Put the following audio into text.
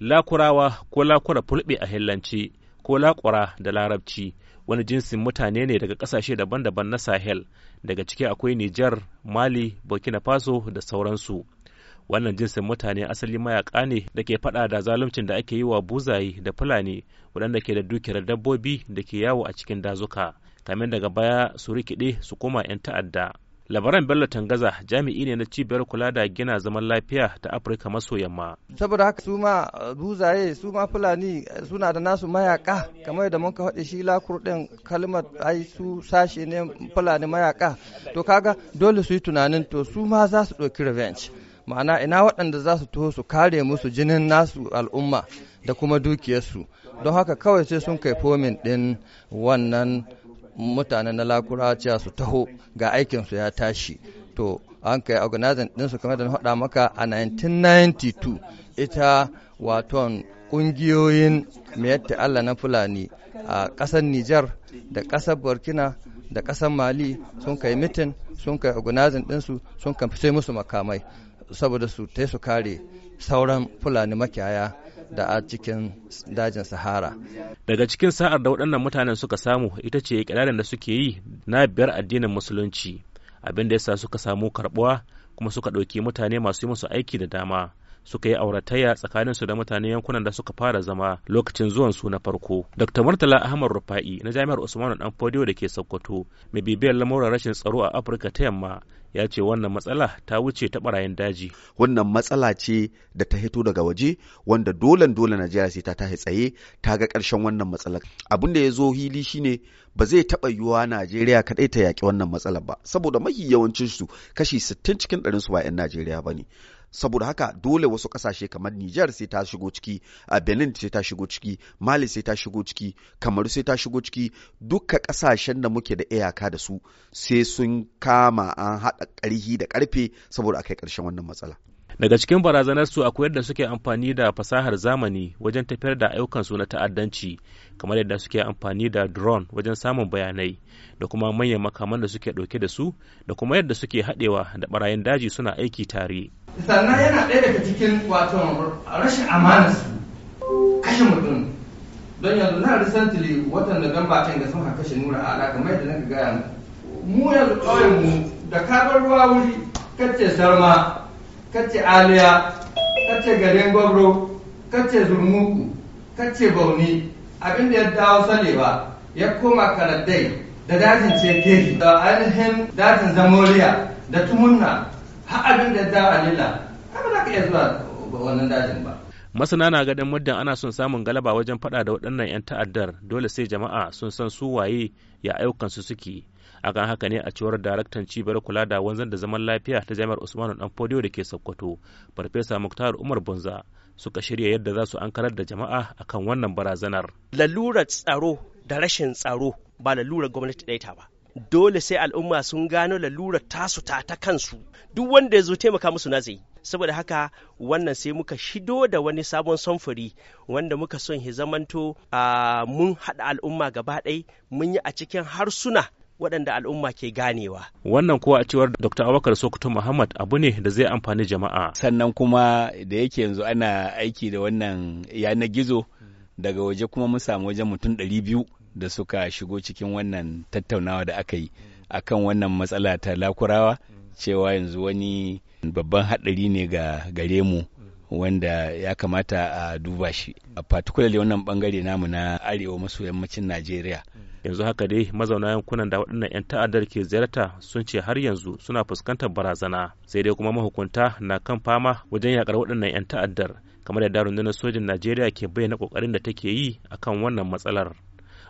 lakurawa ko lakura fulbe a hillanci ko lakura da larabci wani jinsin mutane ne daga kasashe daban-daban na sahel daga ciki akwai nijar mali burkina faso da sauransu wannan jinsin mutane asali mayaka ne da ke fada da zaluncin da ake yi wa buzayi da fulani waɗanda ke da dukiyar dabbobi da ke yawo a cikin dazuka kamin daga baya su rikide su koma 'yan ta'adda labaran bello tangaza jami'i ne na cibiyar kula da gina zaman lafiya ta afirka maso yamma saboda haka su ma buzaye su ma fulani eh, suna da nasu mayaka kamar da mun ka faɗi shi lakur ɗin kalmar ai su sashe ne fulani mayaka to kaga dole su yi tunanin to su ma za su ɗauki revenge ma'ana ina waɗanda za su taho su kare musu jinin nasu al'umma da kuma dukiyarsu don haka kawai sai sun kai fomin ɗin wannan mutanen na lakura su taho ga aikinsu ya tashi to an kai organizing ɗinsu kamar da na faɗa maka a 1992 ita waton ƙungiyoyin yadda Allah na Fulani a ƙasar Nijar da ƙasar Burkina da ƙasar Mali sun kai mitin sun kai organizing ɗinsu sun kamfi musu makamai saboda su ta su kare sauran Fulani makiyaya da a cikin dajin sahara daga cikin sa'ar da waɗannan mutanen suka samu ita ce ƙirarin da suke yi na biyar addinin musulunci abin da yasa suka samu karɓuwa kuma suka ɗauki mutane masu yi musu aiki da dama suka yi auratayya tsakanin su da mutanen yankunan da suka fara zama lokacin zuwan su na farko. Dr. Murtala Ahmad Rufa'i na Jami'ar Usmanu Dan Fodiyo da ke Sokoto mai bibiyar lamuran rashin tsaro a Afirka ta Yamma ya ce wannan matsala ta wuce ta barayin daji wannan matsala ce da ta hito daga waje wanda dolan dole najeriya sai ta tashi tsaye ta ga ƙarshen wannan matsalar abin da ya zo hili shine ba zai taɓa yiwuwa najeriya kaɗai ta yaƙi wannan matsalar ba saboda mahi yawancinsu kashi 60 cikin ɗarin su ba 'yan najeriya ba ne saboda haka dole wasu kasashe kamar Nijar sai ta shigo ciki a Benin sai ta shigo ciki Mali sai ta shigo ciki Kamaru sai ta shigo ciki duka kasashen da muke da iyaka da su sai sun kama an haɗa ƙarhi da ƙarfe saboda a kai ƙarshen wannan matsala daga cikin barazanar su akwai yadda suke amfani da fasahar zamani wajen tafiyar da ayyukan su na ta'addanci kamar yadda suke amfani da drone wajen samun bayanai da kuma manyan makaman da suke ɗauke da su da kuma yadda suke haɗewa da barayin daji suna aiki tare sannan yana ɗaya daga cikin wato rashin amana su kashe mutum don yanzu na recently watan da gamba can ga sun haka kashe nura a ala mai da na gaya mu mu yanzu ƙauyen mu da kabar ruwa wuri kace sarma kace aliya kace garin gwabro kace zurmuku kace bauni abinda ya dawo salewa ya koma karaddai da dajin cekeji da ainihin dajin zamoriya da tumunna har abin da za a lila kama za ka iya zuwa wannan dajin ba masana na ganin muddin ana son samun galaba wajen faɗa da waɗannan 'yan ta'addar dole sai jama'a sun san su waye ya ayyukansu suke kan haka ne a cewar daraktan cibiyar kula da wanzan da zaman lafiya ta jami'ar usmanu danfodiyo da ke sokoto farfesa muktar umar bunza suka shirya yadda za su ankarar da jama'a akan wannan barazanar lalurar tsaro da rashin tsaro ba lalurar gwamnati ɗaya ta ba dole sai al'umma sun gano lalurar tasu ta ta kansu duk wanda ya zo taimaka musu na zai saboda haka wannan sai muka shido da wani sabon samfuri wanda muka son ya zamanto a mun haɗa al'umma gaba ɗai mun yi a cikin harsuna waɗanda al'umma ke ganewa. Wannan kuwa a cewar Dr. Abubakar Sokoto Muhammad abu ne da zai amfani jama'a. Sannan kuma da yake yanzu ana aiki da wannan yanar gizo daga waje kuma mun samu wajen mutum ɗari biyu da suka shigo cikin wannan tattaunawa da aka yi a kan wannan matsala ta lakurawa cewa yanzu wani babban haɗari ne ga gare mu wanda ya kamata a duba shi a particularly wannan bangare namu na arewa maso yammacin najeriya yanzu haka dai mazauna yankunan da waɗannan 'yan ta'addar ke ziyarta sun ce har yanzu suna fuskantar barazana sai dai kuma mahukunta na kan fama wajen yakar waɗannan 'yan ta'addar kamar da rundunar sojin najeriya ke bayyana ƙoƙarin da take yi akan wannan matsalar